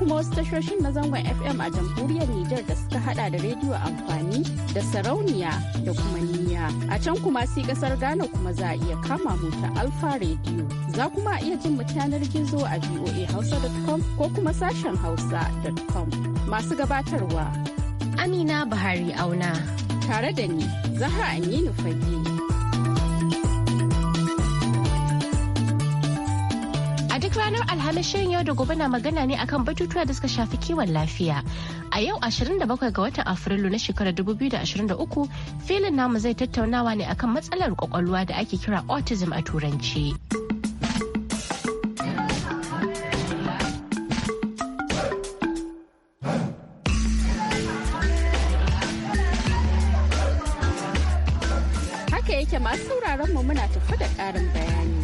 kuma wasu tashoshin na zangon FM a jamhuriyar Nijar da suka hada da rediyo amfani da sarauniya da kuma niya. A can kuma sai kasar Ghana kuma za a iya kama mu Alfa Radio. Za kuma iya jin mu gizo a voahausa.com ko kuma sashen hausa.com. Masu gabatarwa. Amina Buhari Auna. Tare da ni, Zahra Aminu Fage. halin yau da gobe na magana ne akan batutuwa da suka shafi kiwon lafiya. A yau 27 ga watan Afrilu na shekarar 2023 filin namu zai tattaunawa ne akan matsalar kwakwalwa da ake kira autism a turanci. Haka yake masu sauraron mu muna tafi da ƙarin bayani.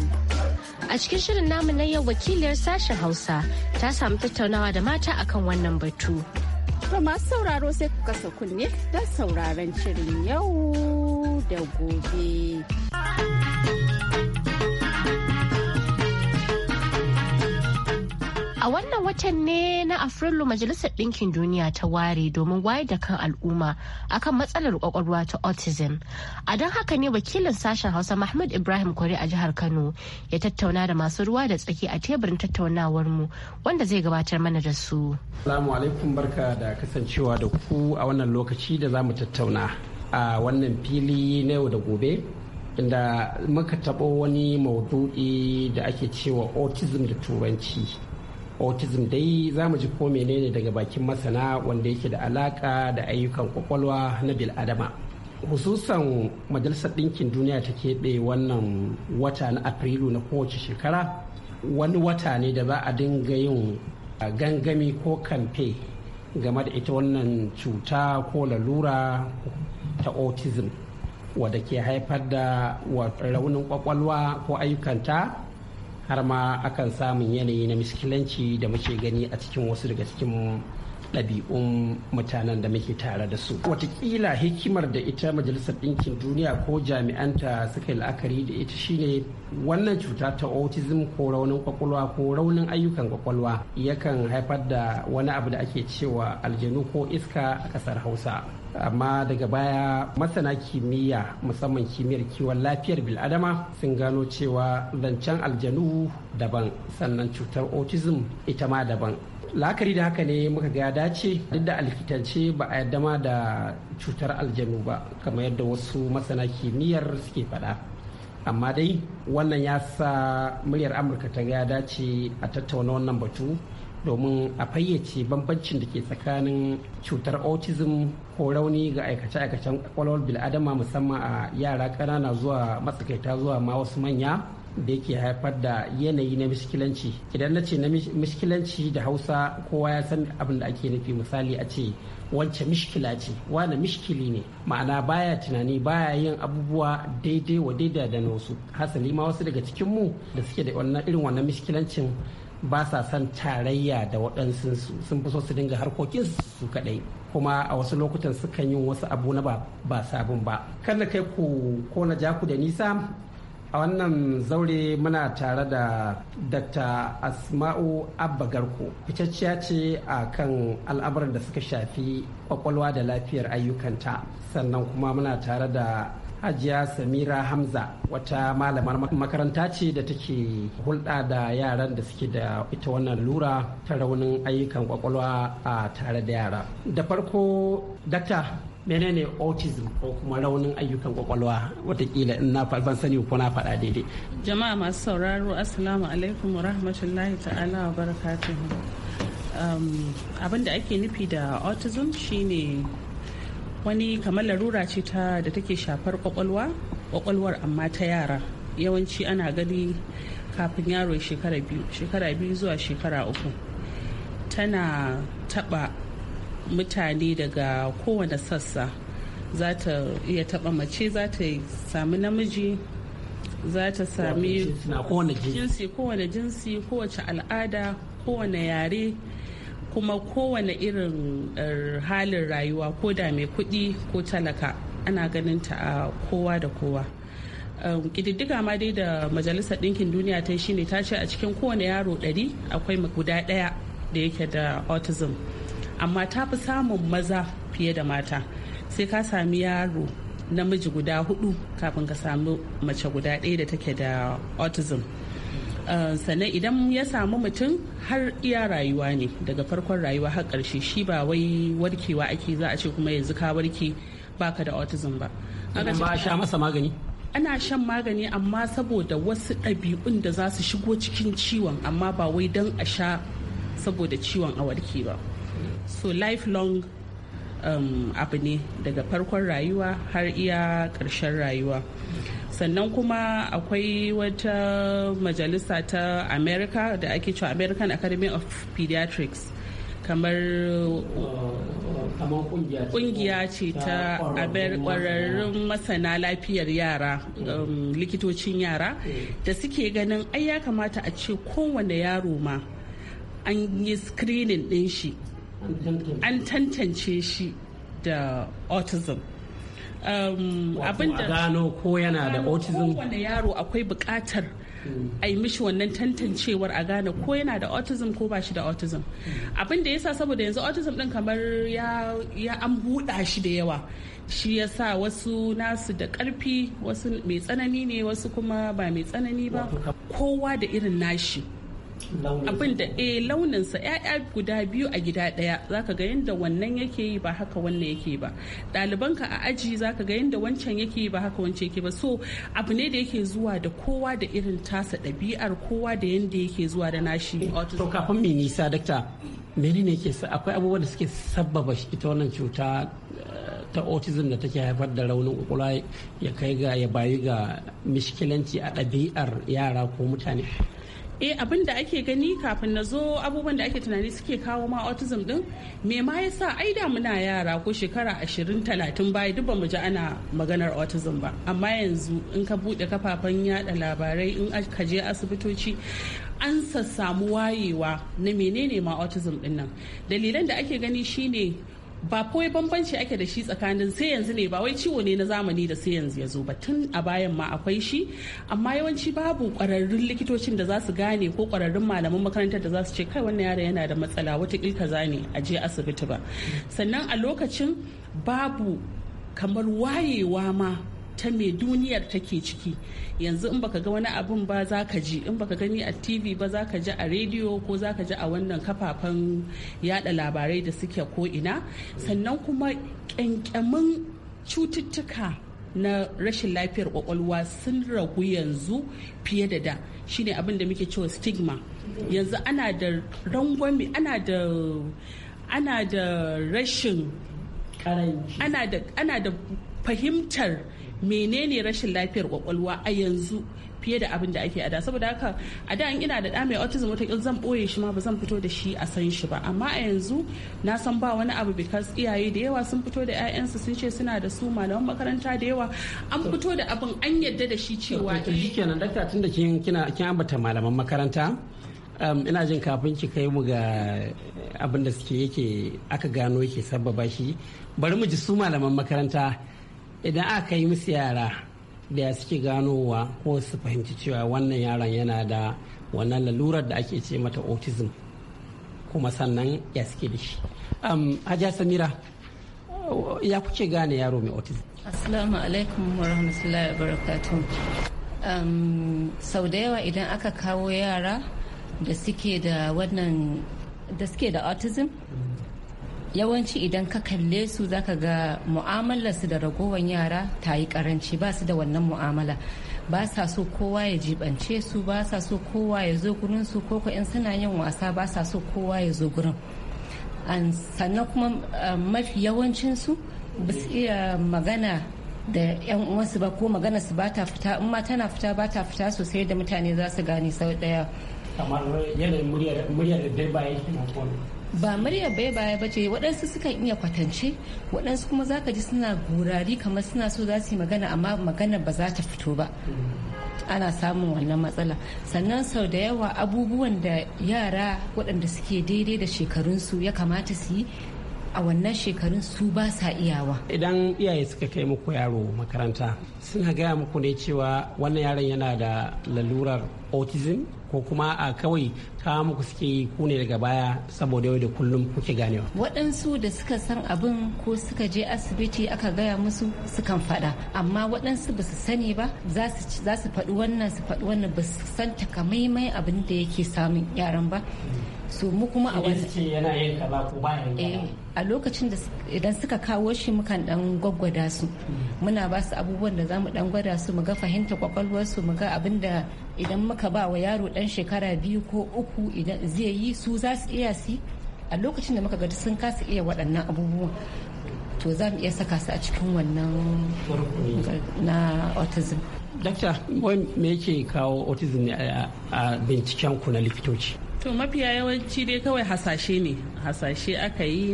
A cikin shirin namu na yau wakiliyar sashen Hausa ta samu tattaunawa da mata akan wannan batu. To masu sauraro sai ku kasa kunne don sauraron shirin yau da gobe. A wannan watan ne na Afrilu Majalisar Ɗinkin Duniya ta ware domin wayar da kan al'umma akan matsalar kwakwalwa ta autism. A don haka ne wakilin sashen Hausa Mahmud Ibrahim Kwari a jihar Kano ya tattauna da masu ruwa da tsaki a teburin tattaunawar mu wanda zai gabatar mana da su. salamu alaikum barka da kasancewa da ku a wannan lokaci da za mu tattauna a wannan fili na yau da gobe inda muka taɓo wani maudu'i da ake cewa autism da turanci. autism dai za mu ji ko menene daga bakin masana wanda yake da alaka da ayyukan kwakwalwa na bil adama. hususan majalisar ɗinkin duniya ta keɓe wannan wata na afrilu na kowace shekara wani wata ne da za a dinga yin gangami ko kamfe game da ita wannan cuta ko lalura ta autism wadda ke haifar da raunin kwakwalwa ko ayyukanta har ma akan samun yanayi na miskilanci da muke gani a cikin wasu daga cikin ɗabi'un mutanen da muke tare da su watakila hikimar da ita majalisar ɗinkin duniya ko jami'anta suka yi la'akari da ita shine wannan cuta ta autism ko raunin kwakwalwa ko raunin ayyukan kwakwalwa yakan haifar da wani abu da ake cewa aljanu ko iska a ƙasar hausa amma daga baya masana kimiyya musamman kimiyyar kiwon lafiyar biladama sun gano cewa zancen aljanu daban sannan cutar autism ita ma daban Lakari da haka ne muka ga dace duk da alkitance ba a yadda ma da cutar aljanu ba kamar yadda wasu masana kimiyyar suke faɗa amma dai wannan ya sa muryar amurka ta ga ya dace a tattauna wannan batu domin a fayyace bambancin da ke tsakanin cutar autism ko rauni ga aikace-aikacen kwakwalwar bil'adama musamman a yara ƙanana zuwa matsakaita zuwa ma wasu manya da yake haifar da yanayi na miskilanci idan na ce na miskilanci da hausa kowa ya san abin da ake nufi misali a ce wance mishkila ce wane mishkili ne ma'ana baya tunani baya yin abubuwa daidai wa daidai da na wasu hasali ma wasu daga cikin mu da suke da irin wannan miskilancin ba sa son tarayya da waɗansu sun fi so su dinga harkokinsu su kaɗai kuma a wasu lokutan sukan yi wasu abu na ba sabon ba kan kai ku ko na ja ku da nisa a wannan zaure muna tare da dr asma'u abba garko fitacciya ce a kan al'amuran da suka shafi kwakwalwa da lafiyar ayyukanta sannan kuma muna tare da hajiya samira hamza wata malamar makaranta ce da take hulɗa da yaran da suke da ita wannan lura ta raunin ayyukan kwakwalwa a tare da yara da farko dakta menene autism ko kuma raunin ayyukan kwakwalwa watakila in na ban sani ko na faɗa daidai jama'a masu sauraro assalamu alaikum wa rahmatullahi ta'ala wa barakatuhu abin da ake nufi da autism shine wani kamar larura ce ta da take shafar kwakwalwa kwakwalwar amma ta yara yawanci ana gani kafin yaro shekara biyu shekara biyu zuwa shekara uku tana taba mutane daga kowane sassa za ta iya taba mace za ta sami namiji za ta sami jinsi kowane jinsi kowace al'ada kowane yare kuma kowane irin er, halin rayuwa ko da mai kudi ko talaka ana ganin ta a kowa da kowa um, ƙididdiga ma dai da majalisar ɗinkin duniya ta shine ta ce a cikin kowane yaro ɗari akwai guda ɗaya da yake da autism amma ta fi samun maza fiye da mata sai ka sami yaro namiji guda hudu kafin ka sami mace guda ɗaya da take da autism Eh, sannan idan ya samu mutum har iya rayuwa ne daga farkon rayuwa har karshe shi ba wai warkewa ake za a ce kuma yanzu ka warke baka da autism ba. Ba sha masa magani? ana shan magani amma saboda wasu ɗabi'un da za su shigo cikin ciwon amma ba wai don a sha saboda ciwon a warke ba so lifelong um, abu ne daga farkon rayuwa har iya ƙarshen rayuwa sannan kuma akwai wata majalisa ta america da ake cewa american academy of pediatrics kamar uh, kungiya ce ta kwararrun masana lafiyar yara mm. um, likitocin yara mm. da suke ganin ai ya kamata a ce kowane yaro ma an yi screening din shi an tantance shi da autism Um, abin da gano ko yana da autism wanda yaro akwai bukatar hmm. a yi mishi wannan tantancewar a gane ko yana da autism ko ba shi da autism hmm. abin da yasa saboda yanzu autism din kamar ya an buɗa shi da yawa shi ya sa wasu nasu da karfi wasu mai tsanani ne wasu kuma ba mai tsanani ba kowa da irin nashi abin da eh launinsa ya'ya guda biyu a gida daya zaka ga yadda wannan yake yi ba haka wannan yake ba ɗalibanka a aji zaka ga yadda wancan yake yi ba haka wancan yake ba so abu ne da yake zuwa da kowa da irin tasa ɗabi'ar kowa da yadda yake zuwa da nashi eh, to kafin mai nisa dakta menene ke akwai abubuwan da suke sabbaba ita wannan cuta eh, ta autism da take haifar da raunin kwakwalwa ya kai ga ya bayu ga mishkilanci a ɗabi'ar yara ko mutane eh abin da ake gani kafin na zo abubuwan da ake tunani suke kawo ma autism din me ma yasa ai da muna yara ko shekara 20 30 baya duk bamu ji ana maganar autism ba amma yanzu in ka bude kafafen yada labarai in ka je asibitoci an sassamu wayewa na menene ma autism din nan dalilan da ake gani shine ba kawai bambanci ake da shi tsakanin sai yanzu ne ba wai ciwo ne na zamani da sai yanzu ya zo ba tun a bayan ma akwai shi amma yawanci babu kwararrun likitocin da za su gane ko kwararrun malaman makarantar da za su ce kai wannan yaro yana da matsala wata kaza ne a je asibiti ba sannan a lokacin babu kamar wayewa ma ta mai duniyar take ciki yanzu in baka ga wani abun ba za ka ji in baka gani a tv ba za ka ji a rediyo ko za ka ji a wannan kafafen yada labarai da suke ko ina sannan kuma ƙyanƙyamin cututtuka na rashin lafiyar kwakwalwa sun ragu yanzu fiye da da shine abin da muke cewa stigma yanzu ana da rangwami ana da ana da rashin ana da fahimtar menene rashin lafiyar kwakwalwa a yanzu fiye da abin da ake da saboda haka a da ina da da mai autism wata zan boye shi ma ba zan fito da shi a san shi ba amma a yanzu na san ba wani abu because iyaye da yawa sun fito da ƴaƴansu sun ce suna da su malaman makaranta da yawa an fito da abin an yadda da shi cewa to eh. shikenan dakta tunda da kin kina kin ambata malaman makaranta um, ina jin kafin ki kai mu ga abin da suke yake aka gano yake sabbaba shi bari mu ji su malaman makaranta idan aka yi musu yara da suke ganowa ko su fahimci cewa wannan yaron yana da wannan lalurar da ake ce mata autism kuma sannan ya suke da shi hajiya samira ya kuke gane yaro mai autism assalamu alaikum wa rahmatullahi wa sau da yawa idan aka kawo yara da suke da wannan da suke da autism yawanci idan ka kalle su zaka ga mu'amalar su da ragowar yara ta yi karanci ba su da wannan mu'amala ba sa so kowa ya jibance su ba sa so kowa ya zo gurin su ko in suna yin wasa ba sa so kowa ya zo gurin sannan kuma eh, mafi yawancin su ba su iya magana da yan uwansu ba ko magana su ba ta fita in ma tana fita ba ta fita sosai da mutane za su gane sau daya kamar yanayin muryar da dai ba murya bai baya ba ce waɗansu sukan iya kwatance waɗansu kuma za ka ji suna gurari kamar suna so za su yi magana amma magana ba za ta fito ba ana samun wannan matsala sannan sau da yawa abubuwan da yara waɗanda suke daidai da shekarunsu ya kamata su yi a wannan shekarun su ba sa iyawa idan iyaye suka kai muku yaro makaranta suna gaya muku ne cewa wannan yaron yana da lalurar autism ko kuma a kawai kawo muku suke yi ku ne daga baya saboda yau da kullum kuke ganewa. waɗansu da suka san abin ko suka je asibiti aka gaya musu sukan faɗa amma waɗansu ba su sani ba za su faɗi wannan su faɗi wannan ba su san takamaimai abin da yake samun yaran ba su mu kuma a wani yana yin kaza ko ba eh, a lokacin da idan suka kawo shi mukan dan gwaggwada su hmm. muna ba su abubuwan da zamu dan gwada su mu ga fahimta kwakwalwar su mu ga abin da idan muka ba wa yaro dan shekara biyu ko uku idan zai yi su za su iya si a lokacin da muka ga sun kasa iya waɗannan abubuwan to za mu iya saka su a cikin wannan na autism dakta wai me yake kawo autism ne a binciken ku na likitoci to mafiya yawanci dai kawai hasashe ne hasashe aka yi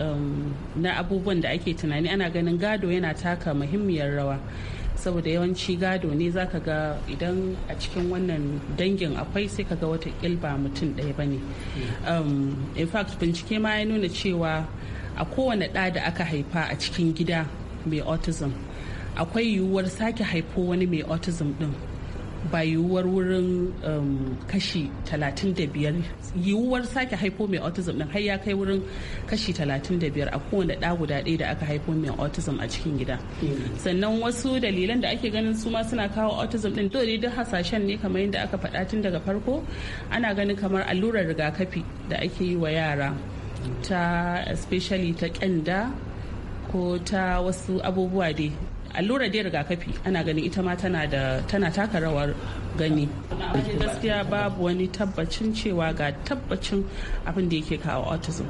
um, na abubuwan da ake tunani ana ganin gado yana taka muhimmiyar rawa saboda yawanci gado ne zaka ga idan a cikin wannan dangin akwai sai ka ga wata ba mutum ɗaya ba ne um, in fact bincike ma ya nuna cewa a kowane ɗa da aka haifa a cikin gida mai autism akwai yiwuwar sake haifo wani mai autism ɗin ba yiwuwar wurin um, kashi 35 yiwuwar sake haifo mai autism din har ya kai wurin kashi 35 a kowane ɗa guda ɗaya da aka haifo mai autism a cikin gida sannan wasu dalilan da ake ganin su ma suna kawo autism din dole duk hasashen ne kamar yadda aka faɗa tun daga farko ana ganin kamar allurar rigakafi da ake yi wa yara ta especially ta kyanda ko ta wasu abubuwa dai allurar dai rigakafi ana ganin ita ma tana da tana taka rawar gani gaskiya babu wani tabbacin cewa ga tabbacin abin da yake kawo autism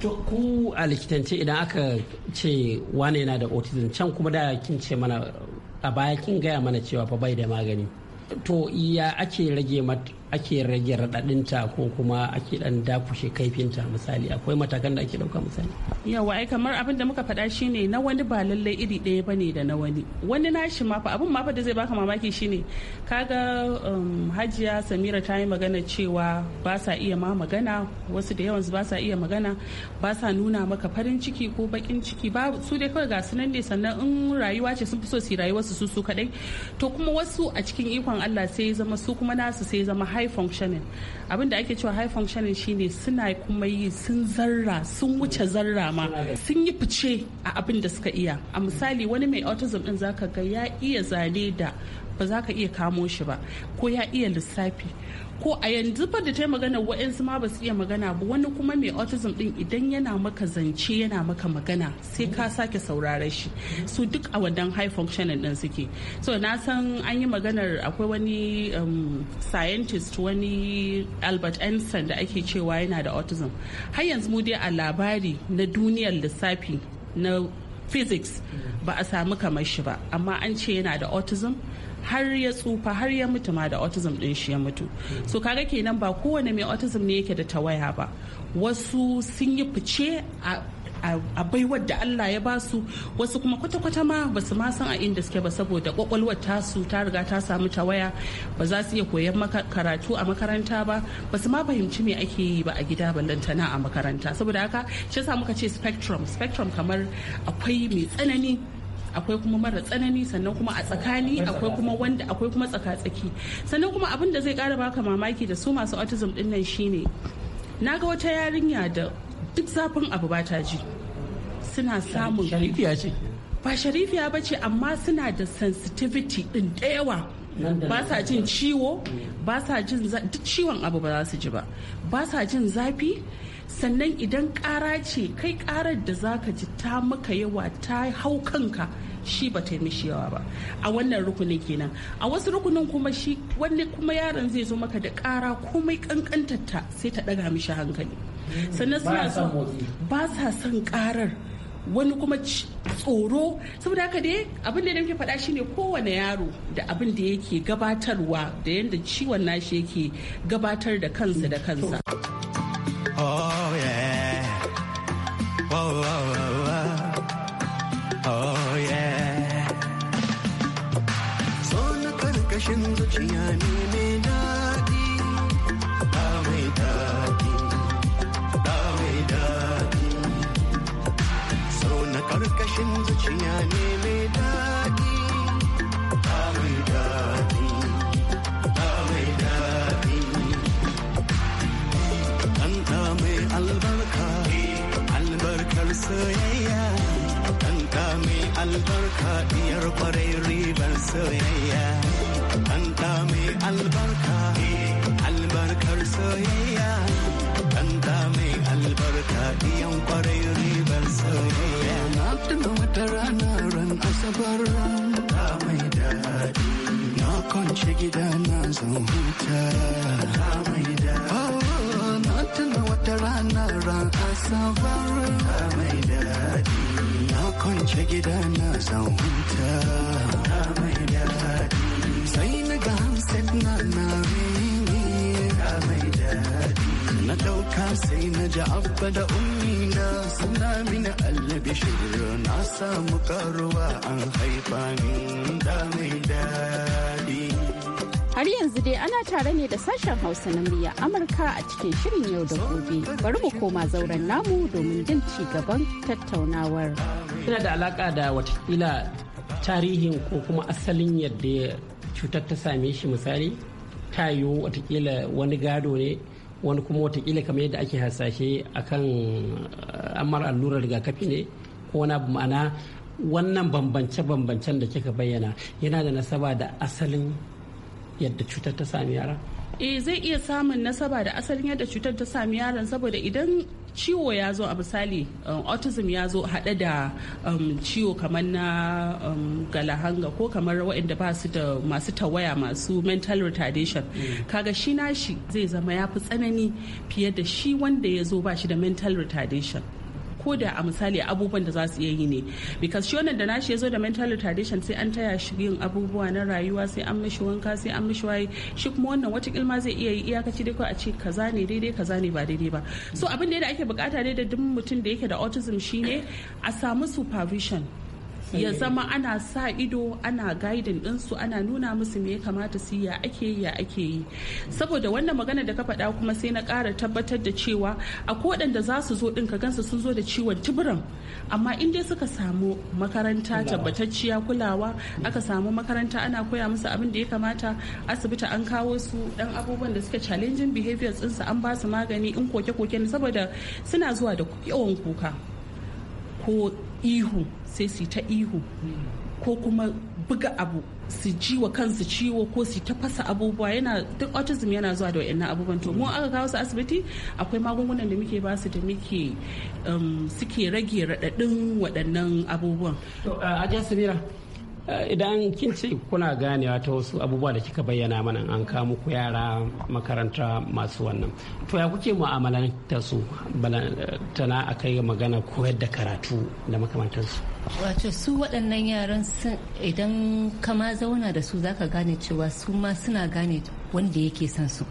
to ku a likitance idan aka ce wane yana da autism can kuma da kin ce mana a baya kin gaya mana cewa fa bai da magani to iya ake rage ake rage raɗaɗinta ko kuma ake ɗan dakushe kaifinta misali akwai matakan da ake ɗauka misali. yawa ai kamar abin da muka faɗa shine na wani ba lallai iri ɗaya ne da na wani wani nashi ma fa abin ma fa da zai baka mamaki shine kaga um, hajiya samira ta yi magana cewa ba sa iya ma magana wasu da yawansu ba sa iya magana ba sa nuna maka farin ciki ko bakin ciki ba su dai kawai ga sunan ne sannan in rayuwa ce sun fi so su rayuwar su su kadai to kuma wasu a cikin ikon Allah sai zama su kuma nasu sai zama high functioning abin da ake cewa high functioning shine suna kuma yi sun zarra sun wuce zarra ma sun yi fice a abin da suka iya a misali wani mai autism din zaka ga ya iya zane da ba za ka iya kamo shi ba ko ya iya lissafi ko a yanzu fa da ta magana wa'yansu ma ba su iya magana ba wani kuma mai autism din idan yana maka zance yana maka magana sai ka sake saurare shi su duk a wannan high functioning din suke so na san an yi maganar akwai wani um, scientist wani albert einstein da ake cewa yana da autism har yanzu mu dai a labari na duniyar lissafi na physics ba a samu kamar shi ba amma an ce yana da autism har ya tsufa har ya mutu ma da autism din shi ya mutu so kaga kenan ba kowane mai autism ne yake da tawaya ba wasu sun yi fice a a baiwar da Allah ya basu wasu kuma kwata-kwata ma ba su ma san a inda suke ba saboda kwakwalwar tasu ta riga ta samu tawaya ba za su iya koyan karatu a makaranta ba ba su ma fahimci me ake yi ba a gida ballantana a makaranta saboda haka shi yasa muka ce spectrum spectrum kamar akwai mai tsanani akwai kuma mara tsanani sannan kuma a tsakani akwai kuma wanda akwai kuma tsaka-tsaki sannan kuma abin da zai kara baka mamaki da su masu autism din nan shine na ga wata yarinya da duk zafin abu ba ta ji suna samun sharifiya ce ba sharifiya ba ce amma suna da sensitivity din da yawa ba sa jin ciwo ba sa jin duk ciwon abu ba za su ji ba ba sa jin zafi sannan idan ƙara ce kai ƙarar da zaka ji ta maka yawa ta hau kanka shi ba ta yi mishi yawa ba a wannan rukunin kenan a wasu rukunin kuma shi wanne kuma yaron zai zo maka da kara komai kankantatta sai ta ɗaga mishi hankali sannan suna so ba sa son ƙarar wani kuma tsoro saboda haka dai abin da nake faɗa shine kowane yaro da abin da yake gabatarwa da yadda ciwon nashi yake gabatar da kansa da kansa. Ah, Tafiya ne mai daɗi, ba mai daɗi, ba mai daɗi. Ɗanɗa mai albarka, albarkar soyayya. Ɗanɗa mai albarka, diyar kwarai ribar soyayya. Ɗanɗa mai albarka. bar ranka mai daɗi na kwance gida na zan huta mai daɗi ah, na tuna wata rana ran asabar mai daɗi na kwance gida na zan huta mai daɗi sai na ga hamsin na na rini mai daɗi na ɗauka sai na ji abba da ummina suna mini allabi shirya na samu karuwa an haifa ni da mai daɗi. Har yanzu dai ana tare ne da sashen Hausa na murya Amurka a cikin shirin yau da gobe. Bari mu koma zauren namu domin jin ci gaban tattaunawar. Yana da alaka da watakila tarihin ko kuma asalin yadda cutar ta same shi misali ta yiwu watakila wani gado ne wani kuma watakila kamar yadda ake hasashe a kan eh, amar allurar rigakafi ne ko wani abu ma'ana wannan bambance-bambancen da kika bayyana yana da nasaba da asalin yadda cutar ta sami yara? eh zai iya samun nasaba da asalin yadda cutar ta sami yaran saboda idan ciwo ya zo a misali um, autism ya zo haɗe da um, ciwo kamar na um, galahanga ko kamar waɗanda ba su da masu tawaya masu mental retardation mm. kaga shi nashi zai zama ya fi tsanani fiye da shi wanda ya zo ba shi da mental retardation ko da a misali abubuwan da za su iya yi ne because shi wannan da nashi ya zo da mental tradition sai an taya shi yin abubuwa na rayuwa sai an mishi wanka sai an mishi waye shi kuma wannan wata kilma zai iya yi iyakaci dai ko a ce kaza ne daidai kaza ne ba daidai ba so abin da ake bukata dai da duk mutum da yake da autism shine a samu supervision ya zama ana sa ido ana gaidin ɗinsu ana nuna musu me ya kamata su ya ake ya ake yi saboda wannan magana da ka faɗa kuma sai na ƙara tabbatar da cewa a waɗanda za su zo ɗin ka gansu sun zo da ciwon tuburan amma in dai suka samu makaranta tabbatacciya kulawa aka samu makaranta ana koya musu abin da ya kamata asibiti an kawo su ɗan abubuwan da suka challenging behaviors ɗinsu an ba su magani in koke-koke saboda suna zuwa da yawan kuka ko ihu sai su ta ihu ko kuma buga abu su ji wa kansu ciwo ko su ta fasa abubuwa yana duk autism yana zuwa da wayannan abubuwan to mu mm. aka kawo su asibiti akwai magungunan da muke basu da muke um, suke rage raɗaɗin waɗannan abubuwan. to uh, a samira Eh, idan kin ce kuna ganewa ta wasu abubuwa da kika bayyana mana an kama muku yara makaranta masu wannan to ya kuke mu'amalanta su tana a kai magana koyar da karatu da makamantarsu wato su waɗannan yaran idan kama zauna da su zaka gane cewa su ma suna gane wanda yake son su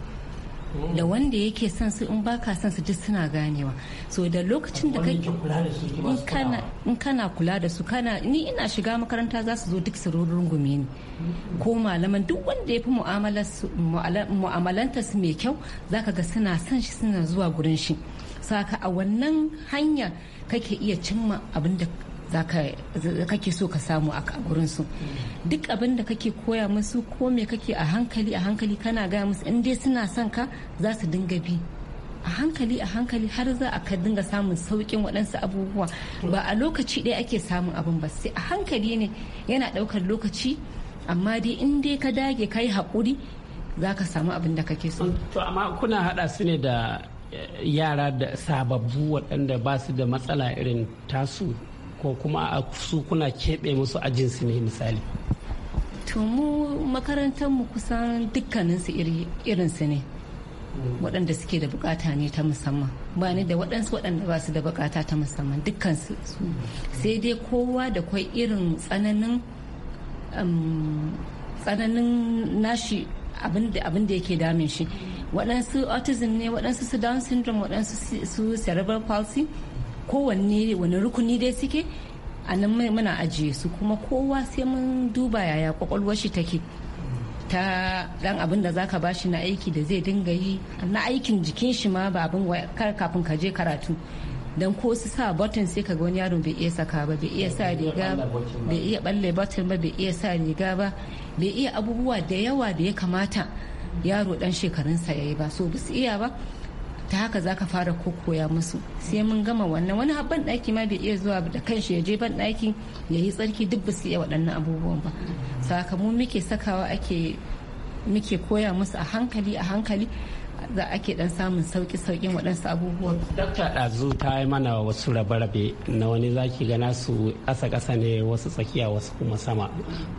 da wanda yake son su in baka son su duk suna ganewa so da lokacin da kake in kana kula da su kana ni ina shiga makaranta za su zo duk su rungume ni ko malaman duk wanda ya fi mu'amalanta su mai kyau zaka ga suna son shi suna zuwa gurin shi saka a wannan hanya kake iya cimma abin da kake so ka samu a gurin su duk abin da kake koya musu ko me kake a hankali a hankali kana gaya musu in dai suna son ka za su dinga bi a hankali a hankali har za a ka dinga samun saukin waɗansu abubuwa ba a lokaci ɗaya ake samun abin ba sai a hankali ne yana ɗaukar lokaci amma dai in dai ka dage ka yi haƙuri za ka samu abin da kake so. to amma kuna haɗa su ne da eh, yara da sababbu waɗanda ba su da matsala irin tasu ko kuma a su kuna keɓe musu ajinsu ne misali to mu makarantar mu kusan dukkaninsu irinsu ne waɗanda suke da bukata ne ta musamman ba ni da waɗansu waɗanda ba su da bukata ta musamman dukkansu sai dai kowa da kwai irin tsananin um, tsananin nashi abin da yake damin shi waɗansu autism ne waɗansu su down syndrome waɗansu su cerebral palsy kowanne wani rukuni dai suke a nan muna ajiye su kuma kowa sai mun duba yaya kwakwalwar shi take ta dan abin da zaka bashi na aiki da zai dinga yi na aikin jikin shi ma ba abin kafin ka je karatu dan ko su sa button sai kaga wani yaro bai iya saka ba bai iya sa riga bai iya balle button ba bai iya sa riga ba bai iya abubuwa da yawa da ya kamata yaro dan shekarunsa yayi ba so bisu iya ba ta haka za ka fara koya musu sai mun gama wannan wani ban ɗaki ma bai iya zuwa da kanshi ya je ban ɗaki ya yi tsarki duk ba su iya waɗannan abubuwan ba sakamu muke sakawa ake muke koya musu a hankali a hankali za ake dan samun sauki saukin waɗansu abubuwan. Dokta ɗazu ta yi mana wasu rabe-rabe na wani zaki gana su ƙasa-ƙasa ne wasu tsakiya wasu kuma sama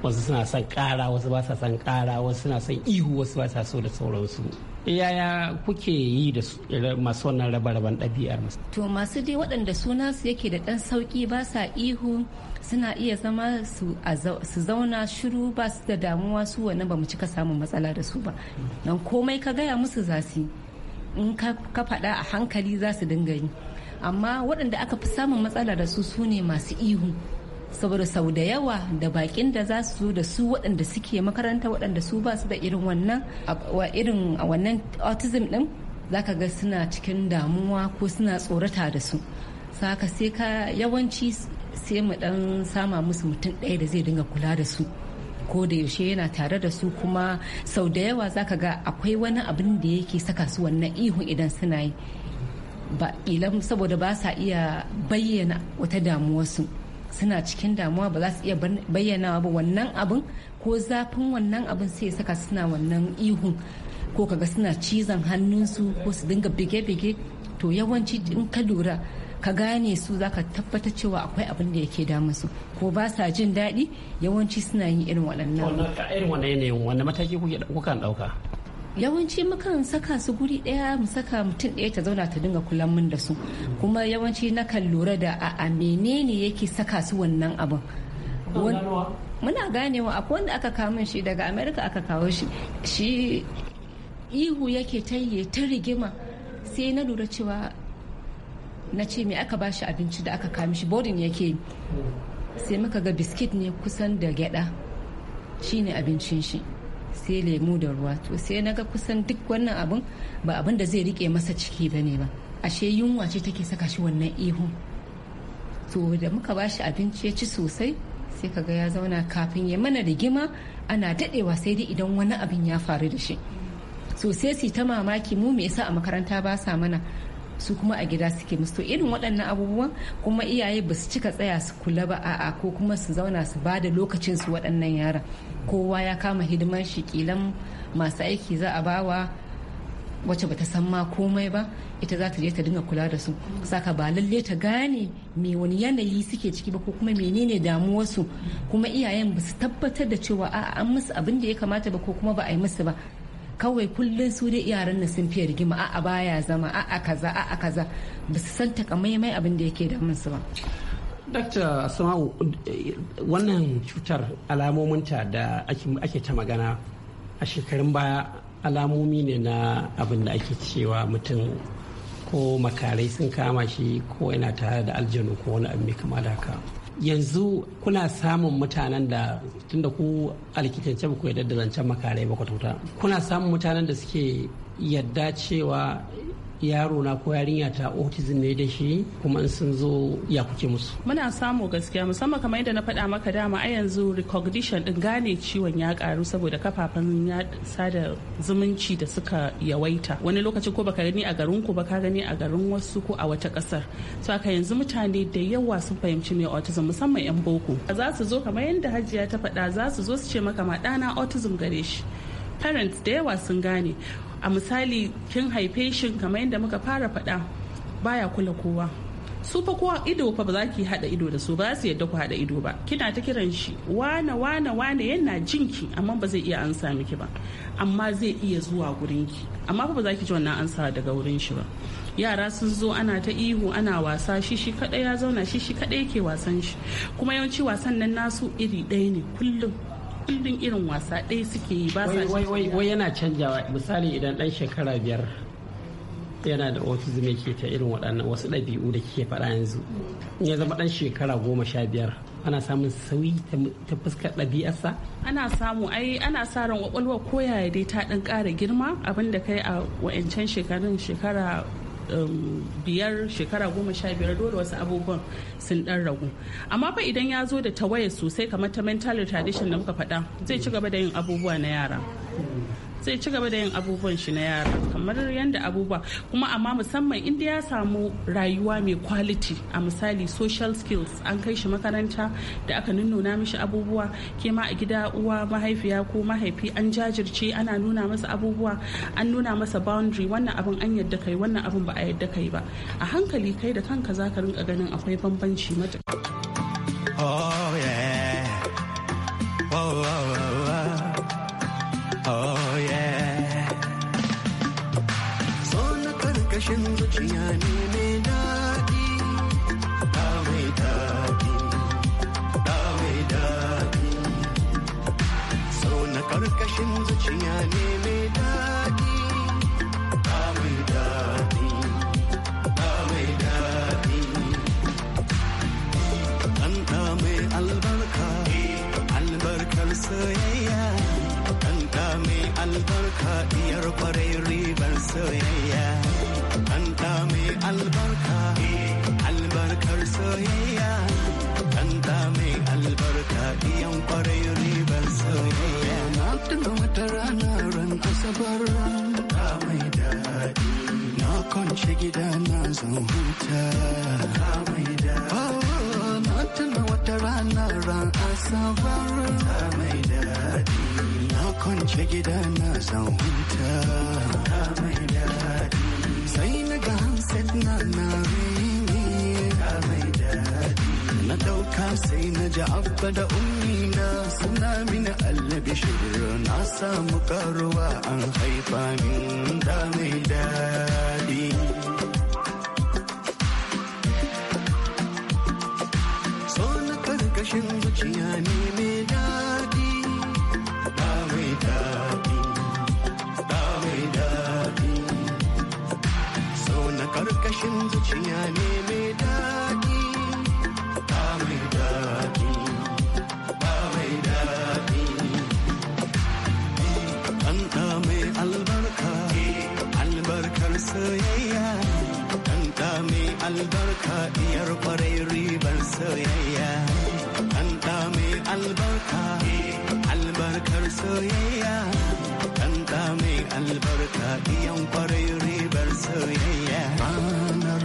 wasu suna son ƙara wasu ba sa son ƙara wasu suna son ihu wasu ba sa so da sauransu. yaya kuke yi da masu wannan rabe-raben ɗabi'ar to masu dai waɗanda suna su yake da ɗan sauƙi ba sa ihu suna iya zama su zauna shiru ba su da damuwa su wannan ba mu cika samun matsala da su ba don komai ka gaya musu za zasi in ka faɗa a hankali za su dinga yi amma waɗanda aka fi samun matsala da su su ne masu ihu saboda sau da yawa da bakin da za su zo da su waɗanda suke makaranta waɗanda su ba su da irin wannan irin wannan autism din zaka ga suna cikin damuwa ko suna tsorata da su saka sai ka yawanci sai mu dan sama musu mutum ɗaya da zai dinga kula da su ko da yaushe yana tare da su kuma sau da yawa zaka ga akwai wani abin da yake saka su wannan ihu idan suna yi ba saboda ba sa iya bayyana wata damuwarsu suna cikin damuwa ba za su iya bayyana ba wannan abin ko zafin wannan abin sai saka suna wannan ihun ko kaga suna cizon hannunsu ko su dinga bige-bige to yawanci in ka lura ka gane su za ka tabbata cewa akwai abin da yake damun su ko ba sa jin daɗi yawanci suna yin irin waɗannan. wannan mataki kuka ɗauka? yawanci mukan saka su guri daya mu saka mutum daya ta zauna ta dinga kulan mun da su kuma yawanci nakan lura da a menene yake saka su wannan abin muna ganewa akwai wanda aka kamun shi daga america aka kawo shi shi ihu yake ta yi ta rigima sai na lura cewa na ce me aka ba shi abinci da aka kame shi bodin yake sai muka ga biskit ne kusan da gyada shine abincin shi sai lemu da ruwa to sai na ga kusan duk wannan abun ba abin da zai rike masa ciki ba ne ba ashe yunwa ce take saka shi wannan ihu to da muka bashi abinci ya ci sosai sai kaga ya zauna kafin ya mana rigima ana dadewa sai dai idan wani abin ya faru da shi so sai su ta mamaki mu me yasa a makaranta ba sa mana su kuma a gida suke musu irin waɗannan abubuwan kuma iyaye ba su cika tsaya su kula ba a'a ko kuma su zauna su ba da lokacin su waɗannan yaran kowa ya kama hidimar shi kilan masu aiki za a bawa wacce bata san ma komai ba ita za ta je ta dinga kula da su saka ba lalle ta gane me wani yanayi suke ciki ba ko kuma menene damuwarsu kuma iyayen ba su tabbatar da cewa a'a an musu abin da ya kamata ba ko kuma ba a yi musu ba kawai kullum su dai yaran nan sun fiye rigima a'a baya zama a'a kaza a'a kaza ba su san takamaimai abin da yake da musu ba Dakta Asma'u wannan cutar alamominta da ake ta magana a shekarun baya alamomi ne na abin da ake cewa mutum ko makarai sun kama shi ko yana tare da aljanu ko wani abu mai kama da haka yanzu kuna samun mutanen da tunda ku alkitance ku yadda da zancen makarai ba kwatauta kuna samun mutanen da suke yadda cewa yaro na ko yarinya ta autism ne da shi kuma in sun zo ya kuke musu muna samu gaskiya musamman kamar yadda na faɗa maka dama a yanzu recognition din gane ciwon ya karu saboda kafafen sada zumunci da suka yawaita wani lokaci ko baka gani a garin ku ba ka gani a garin wasu ko a wata kasar to haka yanzu mutane da yawa sun fahimci me autism musamman yan boko za su zo kamar yadda hajiya ta faɗa za su zo su ce maka ma ɗana autism gare shi parents da yawa sun gane a misali kin haife shi kamar yadda muka fara faɗa baya kula kowa su fa kowa ido fa ba za ki haɗa ido da su ba su yadda ku haɗa ido ba kina ta kiran shi wane wane wane yana jinki amma ba zai iya ansa miki ba amma zai iya zuwa gurin ki amma fa ba za ki ji wannan ansa daga wurin shi ba yara sun zo ana ta ihu ana wasa shi shi kadai ya zauna shi shi kadai yake wasan shi kuma yawanci wasan nan nasu iri ɗaya ne kullum kullum irin wasa ɗaya suke yi ba sa wai yana canjawa misali idan ɗan shekara biyar yana da zume ke ta irin waɗannan wasu ɗabi'u da ke faɗa yanzu ya zama ɗan shekara goma sha biyar ana samun sauyi ta fuskar ɗabi'arsa ana samu ai ana sa ran kwakwalwa koyaya dai ta ɗan ƙara girma abinda kai a wa'ancan shekarun shekara Um, biyar shekara goma sha biyar dole wasu abubuwan sun dan ragu amma fa idan ya zo da tawayar sosai kamar ta mental tradition da muka faɗa zai ci gaba da yin abubuwa na yara sai ci gaba da yin abubuwan shi na yara kamar yadda abubuwa kuma amma musamman inda ya samu rayuwa mai kwaliti a misali social skills an kai shi makaranta da aka nunnuna mishi abubuwa ke ma a gida uwa mahaifiya ko mahaifi an jajirce ana nuna masa abubuwa an nuna masa boundary wannan abin an yadda kai wannan abin ba a yadda kai ba a hankali kai da kanka zaka rinka ganin akwai bambanci mata. Oh, yeah. abba da ummina suna mini allabi shiru na samu karuwa an haifa min da mai daɗi. So na karkashin zuciya ne soyayya ɗanɗa mai albarka iyan kwarai ribar soyayya ranar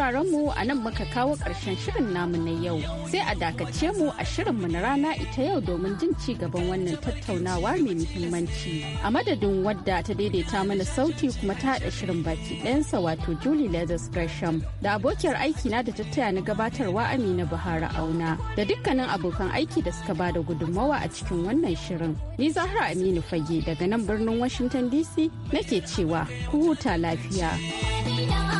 sauraron mu a nan muka kawo ƙarshen shirin namu na yau. Sai a dakace mu a shirinmu na rana ita yau domin jin ci gaban wannan tattaunawa mai muhimmanci. A madadin wadda ta daidaita mana sauti kuma ta haɗa shirin baki ɗayansa wato Julie Leathers Gresham da abokiyar aiki na da tattaya na gabatarwa Amina Buhari Auna da dukkanin abokan aiki da suka bada gudunmawa a cikin wannan shirin. Ni Zahra Aminu Fage daga nan birnin Washington DC nake cewa ku huta lafiya.